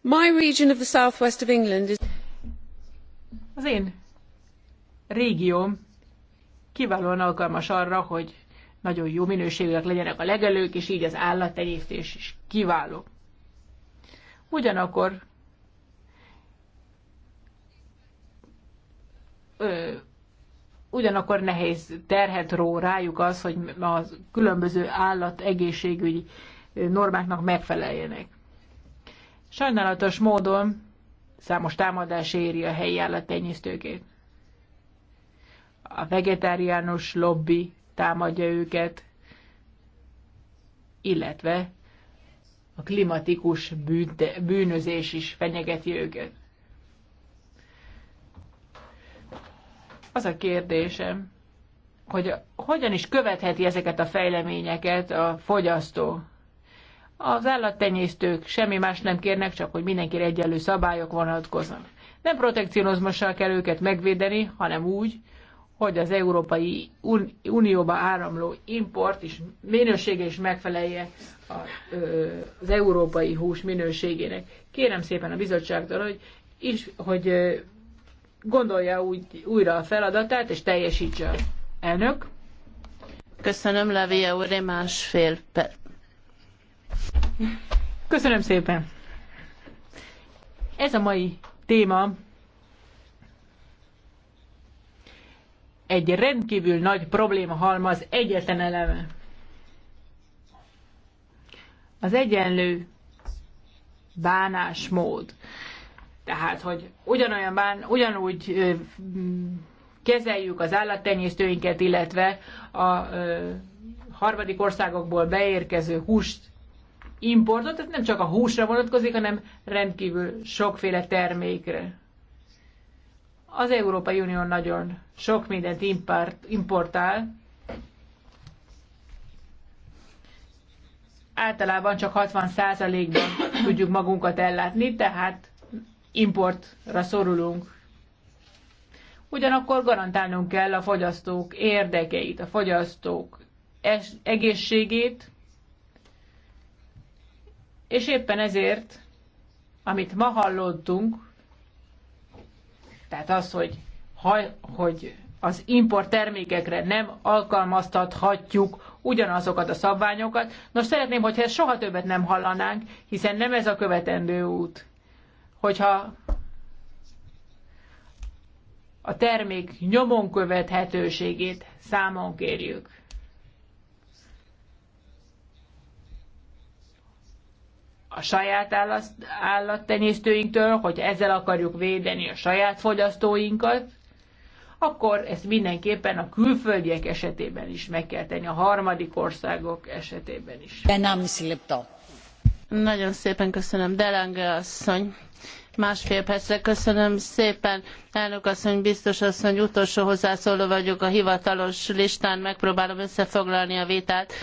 My region of the southwest of England is... Az én régióm kiválóan alkalmas arra, hogy nagyon jó minőségűek legyenek a legelők, és így az állattenyésztés is kiváló. Ugyanakkor ö, ugyanakkor nehéz terhet ró rájuk az, hogy a különböző állat egészségügyi normáknak megfeleljenek. Sajnálatos módon számos támadás éri a helyi állattenyésztőkét a vegetáriánus lobby támadja őket, illetve a klimatikus bűnözés is fenyegeti őket. Az a kérdésem, hogy hogyan is követheti ezeket a fejleményeket a fogyasztó. Az állattenyésztők semmi más nem kérnek, csak hogy mindenkire egyenlő szabályok vonatkoznak. Nem protekcionizmussal kell őket megvédeni, hanem úgy, hogy az Európai Unióba áramló import is minősége is megfelelje az európai hús minőségének. Kérem szépen a bizottságtól, hogy, is, hogy gondolja úgy, újra a feladatát, és teljesítse. Elnök. Köszönöm, Levia úr, másfél perc. Köszönöm szépen. Ez a mai téma egy rendkívül nagy probléma halmaz egyetlen eleme. Az egyenlő bánásmód. Tehát, hogy ugyanolyan bán, ugyanúgy ö, kezeljük az állattenyésztőinket, illetve a ö, harmadik országokból beérkező húst, importot, ez nem csak a húsra vonatkozik, hanem rendkívül sokféle termékre. Az Európai Unió nagyon sok mindent importál, általában csak 60%-ban tudjuk magunkat ellátni, tehát importra szorulunk. Ugyanakkor garantálnunk kell a fogyasztók érdekeit, a fogyasztók egészségét, és éppen ezért, amit ma hallottunk, tehát az, hogy, ha, hogy az import termékekre nem alkalmaztathatjuk ugyanazokat a szabványokat. Nos, szeretném, hogyha ezt soha többet nem hallanánk, hiszen nem ez a követendő út. Hogyha a termék nyomon követhetőségét számon kérjük. a saját állattenyésztőinktől, hogy ezzel akarjuk védeni a saját fogyasztóinkat, akkor ezt mindenképpen a külföldiek esetében is meg kell tenni, a harmadik országok esetében is. nem Nagyon szépen köszönöm, Delange asszony. Másfél percre köszönöm szépen. Elnök asszony, biztos asszony, utolsó hozzászóló vagyok a hivatalos listán, megpróbálom összefoglalni a vitát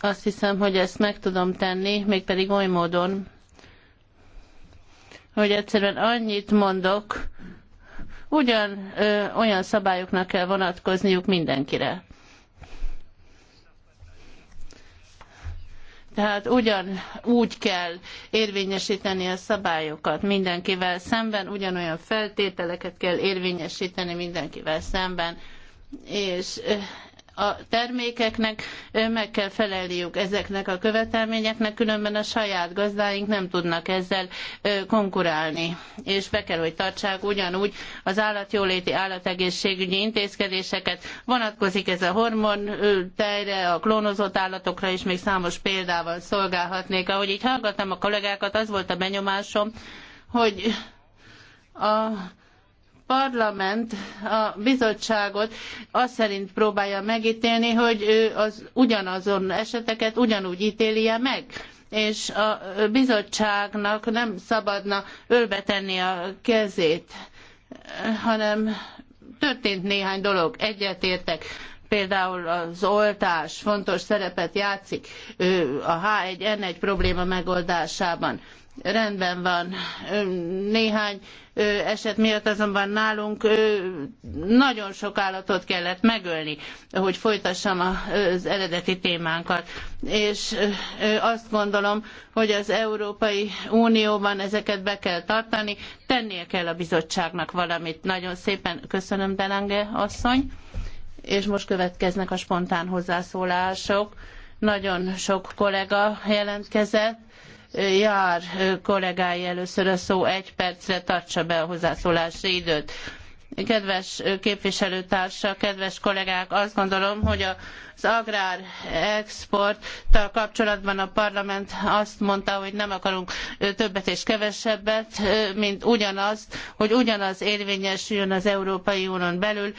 azt hiszem, hogy ezt meg tudom tenni, mégpedig oly módon, hogy egyszerűen annyit mondok, ugyan ö, olyan szabályoknak kell vonatkozniuk mindenkire. Tehát ugyan úgy kell érvényesíteni a szabályokat mindenkivel szemben, ugyanolyan feltételeket kell érvényesíteni mindenkivel szemben, és a termékeknek meg kell felelniük ezeknek a követelményeknek, különben a saját gazdáink nem tudnak ezzel konkurálni. És be kell, hogy tartsák ugyanúgy az állatjóléti, állategészségügyi intézkedéseket. Vonatkozik ez a hormon tejre, a klónozott állatokra is még számos példával szolgálhatnék. Ahogy így hallgattam a kollégákat, az volt a benyomásom, hogy a parlament a bizottságot az szerint próbálja megítélni, hogy ő az ugyanazon eseteket ugyanúgy ítélje meg és a bizottságnak nem szabadna ölbetenni a kezét, hanem történt néhány dolog, egyetértek, például az oltás fontos szerepet játszik a H1N1 probléma megoldásában rendben van. Néhány eset miatt azonban nálunk nagyon sok állatot kellett megölni, hogy folytassam az eredeti témánkat. És azt gondolom, hogy az Európai Unióban ezeket be kell tartani, tennie kell a bizottságnak valamit. Nagyon szépen köszönöm, Delange asszony. És most következnek a spontán hozzászólások. Nagyon sok kollega jelentkezett jár kollégái először a szó egy percre, tartsa be a hozzászólási időt. Kedves képviselőtársa, kedves kollégák, azt gondolom, hogy a az agrár exporttal kapcsolatban a parlament azt mondta, hogy nem akarunk többet és kevesebbet, mint ugyanazt, hogy ugyanaz érvényesüljön az Európai Unión belül,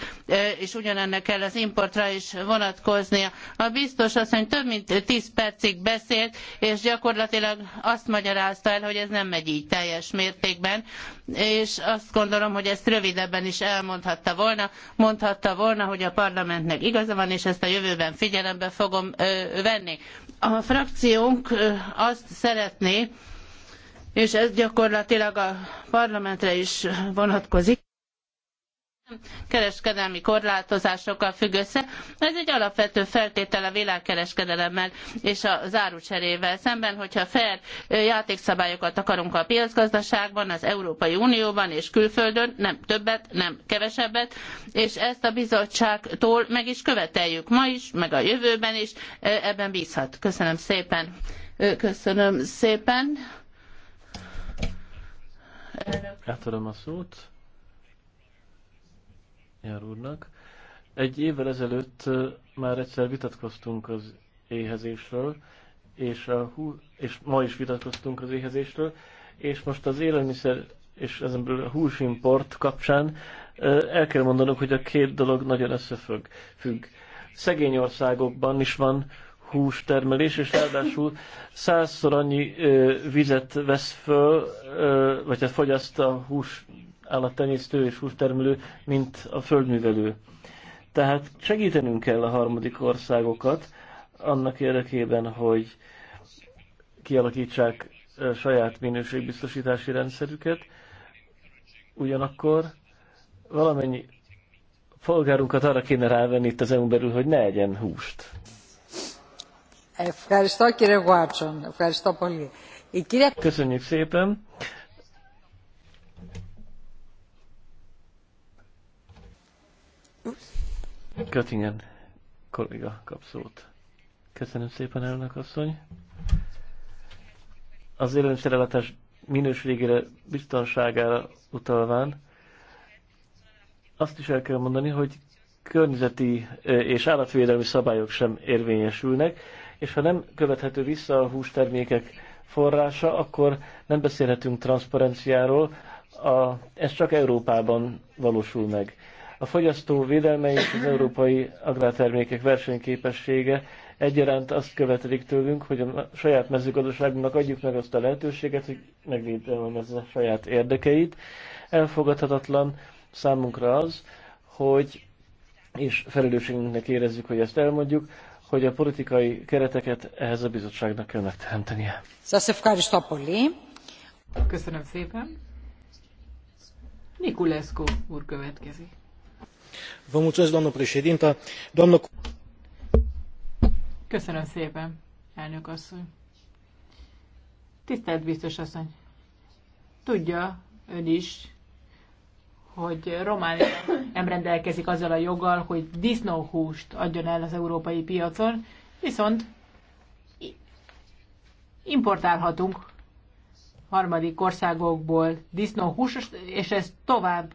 és ugyanennek kell az importra is vonatkoznia. A biztos azt mondja, több mint 10 percig beszélt, és gyakorlatilag azt magyarázta el, hogy ez nem megy így teljes mértékben, és azt gondolom, hogy ezt rövidebben is elmondhatta volna, mondhatta volna, hogy a parlamentnek igaza van, és ezt a jövőben mindenképpen figyelembe fogom venni. A frakciónk azt szeretné, és ez gyakorlatilag a parlamentre is vonatkozik, kereskedelmi korlátozásokkal függ össze. Ez egy alapvető feltétel a világkereskedelemmel és az árucserével szemben, hogyha fair játékszabályokat akarunk a piacgazdaságban, az Európai Unióban és külföldön, nem többet, nem kevesebbet, és ezt a bizottságtól meg is követeljük ma is, meg a jövőben is, ebben bízhat. Köszönöm szépen. Köszönöm szépen. Átadom a szót. Jár úrnak. Egy évvel ezelőtt már egyszer vitatkoztunk az éhezésről, és, a, és ma is vitatkoztunk az éhezésről, és most az élelmiszer és ezen belül a húsimport kapcsán el kell mondanunk, hogy a két dolog nagyon összefügg. Függ. Szegény országokban is van hústermelés, és ráadásul százszor annyi ö, vizet vesz föl, ö, vagy hát fogyaszt a hús állattenyésztő és hústermelő, mint a földművelő. Tehát segítenünk kell a harmadik országokat annak érdekében, hogy kialakítsák saját minőségbiztosítási rendszerüket, ugyanakkor valamennyi polgárunkat arra kéne rávenni itt az EU-n belül, hogy ne egyen húst. Köszönjük szépen. Kötingen kolléga kap szót. Köszönöm szépen, elnök asszony. Az élelmiszerellátás minőségére, biztonságára utalván azt is el kell mondani, hogy környezeti és állatvédelmi szabályok sem érvényesülnek, és ha nem követhető vissza a hústermékek forrása, akkor nem beszélhetünk transzparenciáról, a, ez csak Európában valósul meg. A fogyasztó védelme és az európai agrártermékek versenyképessége egyaránt azt követelik tőlünk, hogy a saját mezőgazdaságunknak adjuk meg azt a lehetőséget, hogy megvédelmezze a saját érdekeit. Elfogadhatatlan számunkra az, hogy és felelősségünknek érezzük, hogy ezt elmondjuk, hogy a politikai kereteket ehhez a bizottságnak kell megteremtenie. Köszönöm szépen. Nikulescu úr következik. Köszönöm szépen, elnök asszony. Tisztelt biztos asszony, tudja ön is, hogy Románia nem rendelkezik azzal a joggal, hogy disznóhúst adjon el az európai piacon, viszont importálhatunk harmadik országokból disznóhúst és ezt tovább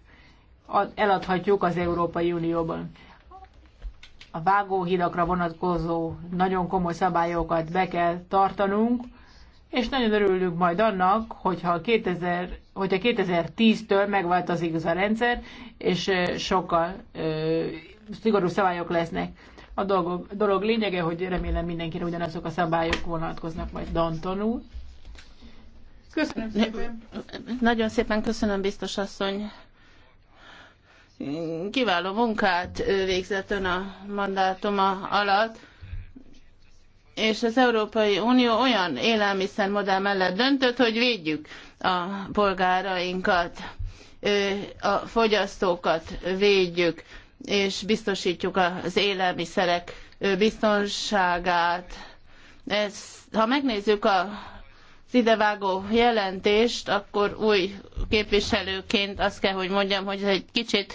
eladhatjuk az Európai Unióban. A vágóhidakra vonatkozó nagyon komoly szabályokat be kell tartanunk, és nagyon örülünk majd annak, hogyha 2000, hogyha 2010-től megváltozik az a rendszer, és sokkal ö, szigorú szabályok lesznek. A dolog, dolog lényege, hogy remélem mindenkire ugyanazok a szabályok vonatkoznak majd dantonul. Köszönöm szépen. Nagyon szépen köszönöm, biztos asszony kiváló munkát végzett ön a mandátuma alatt, és az Európai Unió olyan élelmiszermodell mellett döntött, hogy védjük a polgárainkat, a fogyasztókat védjük, és biztosítjuk az élelmiszerek biztonságát. Ez, ha megnézzük a idevágó jelentést, akkor új képviselőként azt kell, hogy mondjam, hogy ez egy kicsit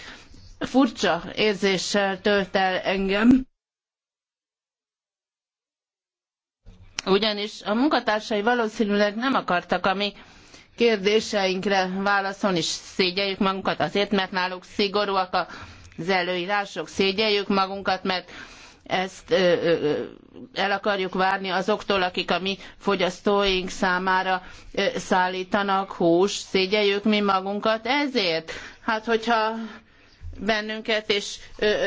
furcsa érzéssel tölt el engem. Ugyanis a munkatársai valószínűleg nem akartak a mi kérdéseinkre válaszolni, és szégyeljük magunkat azért, mert náluk szigorúak az előírások, szégyeljük magunkat, mert ezt el akarjuk várni azoktól, akik a mi fogyasztóink számára szállítanak húst, szégyeljük mi magunkat ezért? Hát hogyha bennünket, és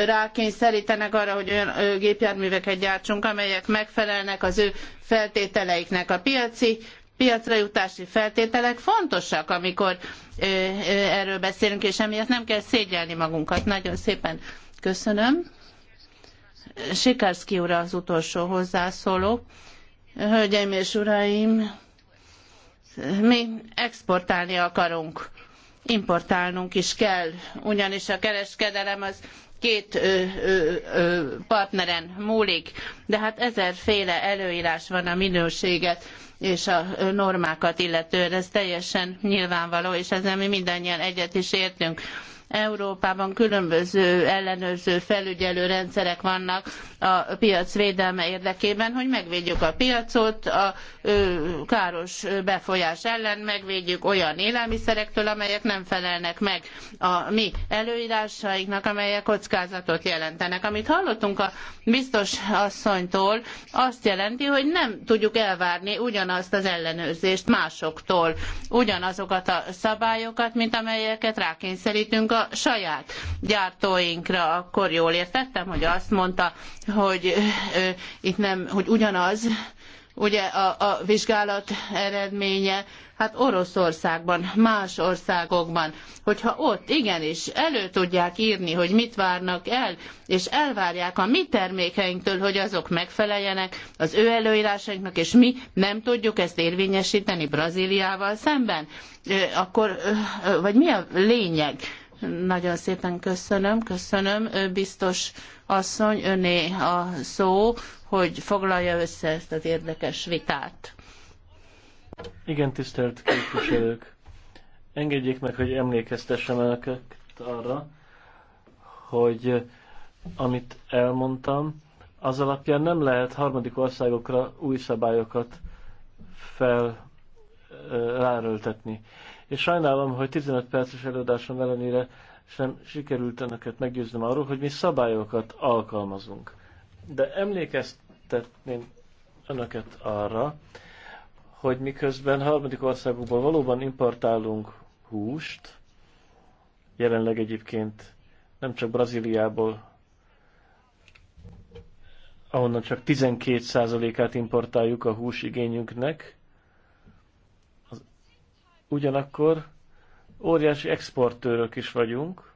rákényszerítenek arra, hogy olyan gépjárműveket gyártsunk, amelyek megfelelnek az ő feltételeiknek. A piaci piacra jutási feltételek fontosak, amikor erről beszélünk, és emiatt nem kell szégyelni magunkat. Nagyon szépen köszönöm. Sikerszki úr az utolsó hozzászóló. Hölgyeim és uraim, mi exportálni akarunk, importálnunk is kell, ugyanis a kereskedelem az két ö, ö, ö, partneren múlik, de hát ezerféle előírás van a minőséget és a normákat illetően, ez teljesen nyilvánvaló, és ezzel mi mindannyian egyet is értünk Európában különböző ellenőrző felügyelő rendszerek vannak a piac védelme érdekében, hogy megvédjük a piacot a káros befolyás ellen, megvédjük olyan élelmiszerektől, amelyek nem felelnek meg a mi előírásainknak, amelyek kockázatot jelentenek. Amit hallottunk a biztos asszonytól, azt jelenti, hogy nem tudjuk elvárni ugyanazt az ellenőrzést másoktól, ugyanazokat a szabályokat, mint amelyeket rákényszerítünk a a saját gyártóinkra. Akkor jól értettem, hogy azt mondta, hogy ö, itt nem, hogy ugyanaz, ugye a, a vizsgálat eredménye, hát Oroszországban, más országokban, hogyha ott igenis elő tudják írni, hogy mit várnak el, és elvárják a mi termékeinktől, hogy azok megfeleljenek az ő előírásainknak, és mi nem tudjuk ezt érvényesíteni Brazíliával szemben, akkor, vagy mi a lényeg? Nagyon szépen köszönöm, köszönöm. Biztos asszony, öné a szó, hogy foglalja össze ezt az érdekes vitát. Igen, tisztelt képviselők. Engedjék meg, hogy emlékeztessem önöket arra, hogy amit elmondtam, az alapján nem lehet harmadik országokra új szabályokat fel és sajnálom, hogy 15 perces előadásom ellenére sem sikerült önöket meggyőznöm arról, hogy mi szabályokat alkalmazunk. De emlékeztetném önöket arra, hogy miközben harmadik országokból valóban importálunk húst, jelenleg egyébként nem csak Brazíliából, ahonnan csak 12%-át importáljuk a hús igényünknek, Ugyanakkor óriási exportőrök is vagyunk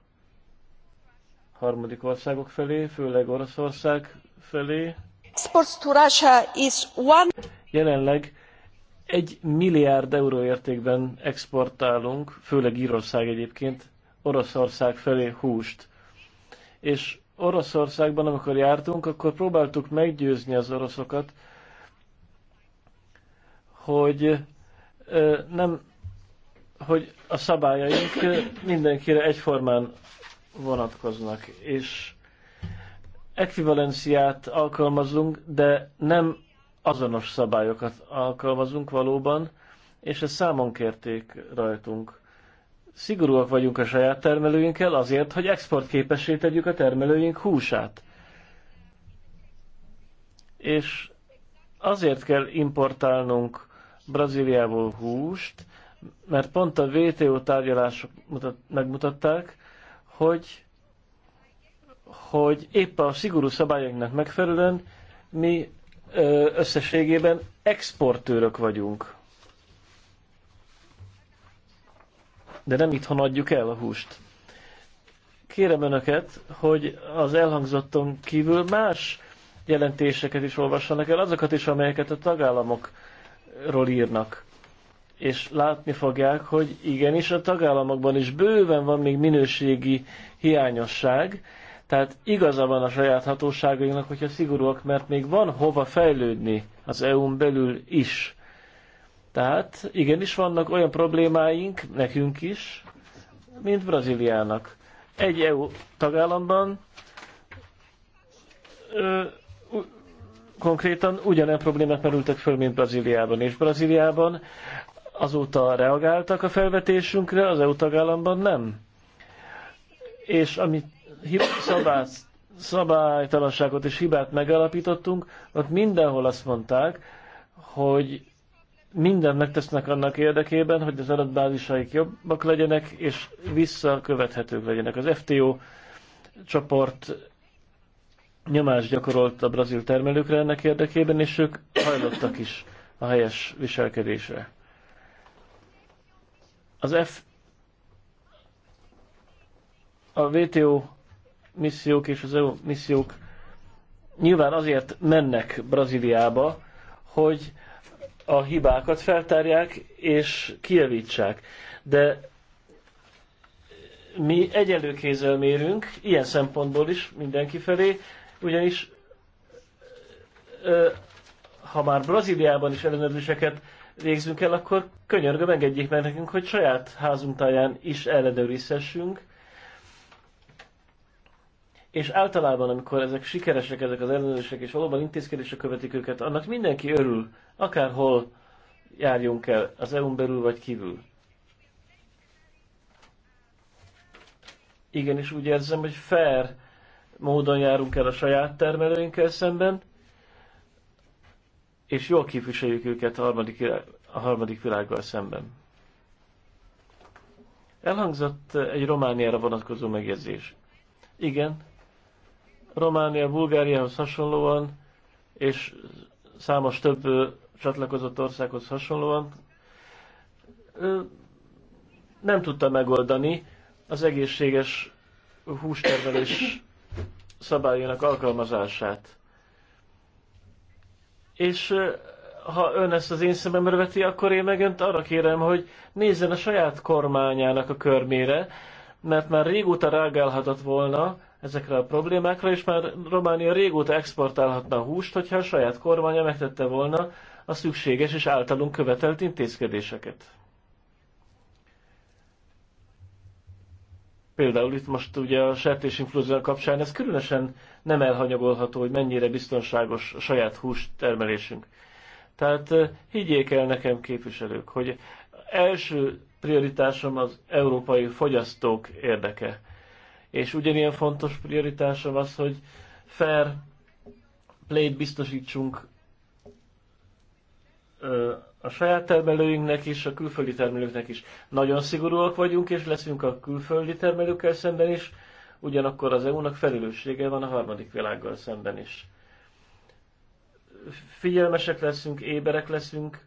harmadik országok felé, főleg Oroszország felé. Jelenleg egy milliárd euró értékben exportálunk, főleg Írország egyébként, Oroszország felé húst. És Oroszországban, amikor jártunk, akkor próbáltuk meggyőzni az oroszokat, hogy nem hogy a szabályaink mindenkire egyformán vonatkoznak, és ekvivalenciát alkalmazunk, de nem azonos szabályokat alkalmazunk valóban, és ezt számon kérték rajtunk. Szigorúak vagyunk a saját termelőinkkel azért, hogy exportképessé tegyük a termelőink húsát. És azért kell importálnunk Brazíliából húst, mert pont a WTO tárgyalások mutat, megmutatták, hogy, hogy épp a szigorú szabályoknak megfelelően mi összességében exportőrök vagyunk. De nem itthon adjuk el a húst. Kérem Önöket, hogy az elhangzotton kívül más jelentéseket is olvassanak el, azokat is, amelyeket a tagállamokról írnak és látni fogják, hogy igenis a tagállamokban is bőven van még minőségi hiányosság, tehát igaza van a saját hatóságainknak, hogyha szigorúak, mert még van hova fejlődni az EU-n belül is. Tehát igenis vannak olyan problémáink, nekünk is, mint Brazíliának. Egy EU tagállamban ö, konkrétan ugyanilyen problémák merültek föl, mint Brazíliában. És Brazíliában Azóta reagáltak a felvetésünkre, az EU tagállamban nem. És amit szabász, szabálytalanságot és hibát megalapítottunk, ott mindenhol azt mondták, hogy mindent megtesznek annak érdekében, hogy az adatbázisaik jobbak legyenek, és visszakövethetők legyenek. Az FTO csoport nyomást gyakorolt a brazil termelőkre ennek érdekében, és ők hajlottak is a helyes viselkedésre. Az F a VTO missziók és az EU missziók nyilván azért mennek Brazíliába, hogy a hibákat feltárják és kijavítsák. De mi egyenlő mérünk, ilyen szempontból is mindenki felé, ugyanis ha már Brazíliában is ellenőrzéseket végzünk el, akkor könyörgöm, engedjék meg nekünk, hogy saját házunk táján is ellenőrizhessünk. És általában, amikor ezek sikeresek, ezek az ellenőrzések, és valóban intézkedések követik őket, annak mindenki örül, akárhol járjunk el, az EU-n belül vagy kívül. Igen, és úgy érzem, hogy fair módon járunk el a saját termelőinkkel szemben, és jól képviseljük őket a harmadik, a harmadik világgal szemben. Elhangzott egy Romániára vonatkozó megjegyzés. Igen, Románia Bulgáriához hasonlóan, és számos több csatlakozott országhoz hasonlóan nem tudta megoldani az egészséges hústermelés szabályának alkalmazását. És ha ön ezt az én szememre veti, akkor én meg önt arra kérem, hogy nézzen a saját kormányának a körmére, mert már régóta rágálhatott volna ezekre a problémákra, és már Románia régóta exportálhatna a húst, hogyha a saját kormánya megtette volna a szükséges és általunk követelt intézkedéseket. Például itt most ugye a sertésinfluenza kapcsán ez különösen nem elhanyagolható, hogy mennyire biztonságos a saját termelésünk. Tehát higgyék el nekem, képviselők, hogy első prioritásom az európai fogyasztók érdeke. És ugyanilyen fontos prioritásom az, hogy fair play-t biztosítsunk a saját termelőinknek is, a külföldi termelőknek is. Nagyon szigorúak vagyunk, és leszünk a külföldi termelőkkel szemben is, ugyanakkor az EU-nak felelőssége van a harmadik világgal szemben is. Figyelmesek leszünk, éberek leszünk,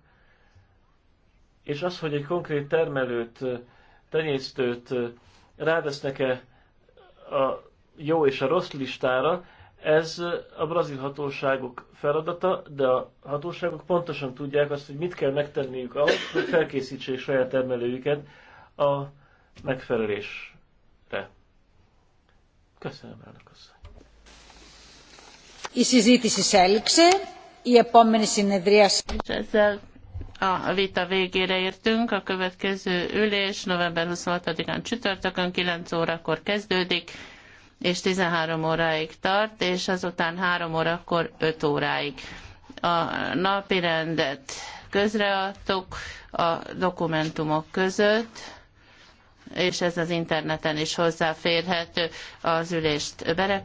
és az, hogy egy konkrét termelőt, tenyésztőt rávesznek-e a jó és a rossz listára, ez a brazil hatóságok feladata, de a hatóságok pontosan tudják azt, hogy mit kell megtenniük ahhoz, hogy felkészítsék saját termelőjüket a megfelelésre. Köszönöm, elnök asszony. Ezzel a vita végére értünk. A következő ülés november 26-án csütörtökön 9 órakor kezdődik, és 13 óráig tart, és azután 3 órakor 5 óráig. A napi rendet közreadtuk a dokumentumok között és ez az interneten is hozzáférhető az ülést berek.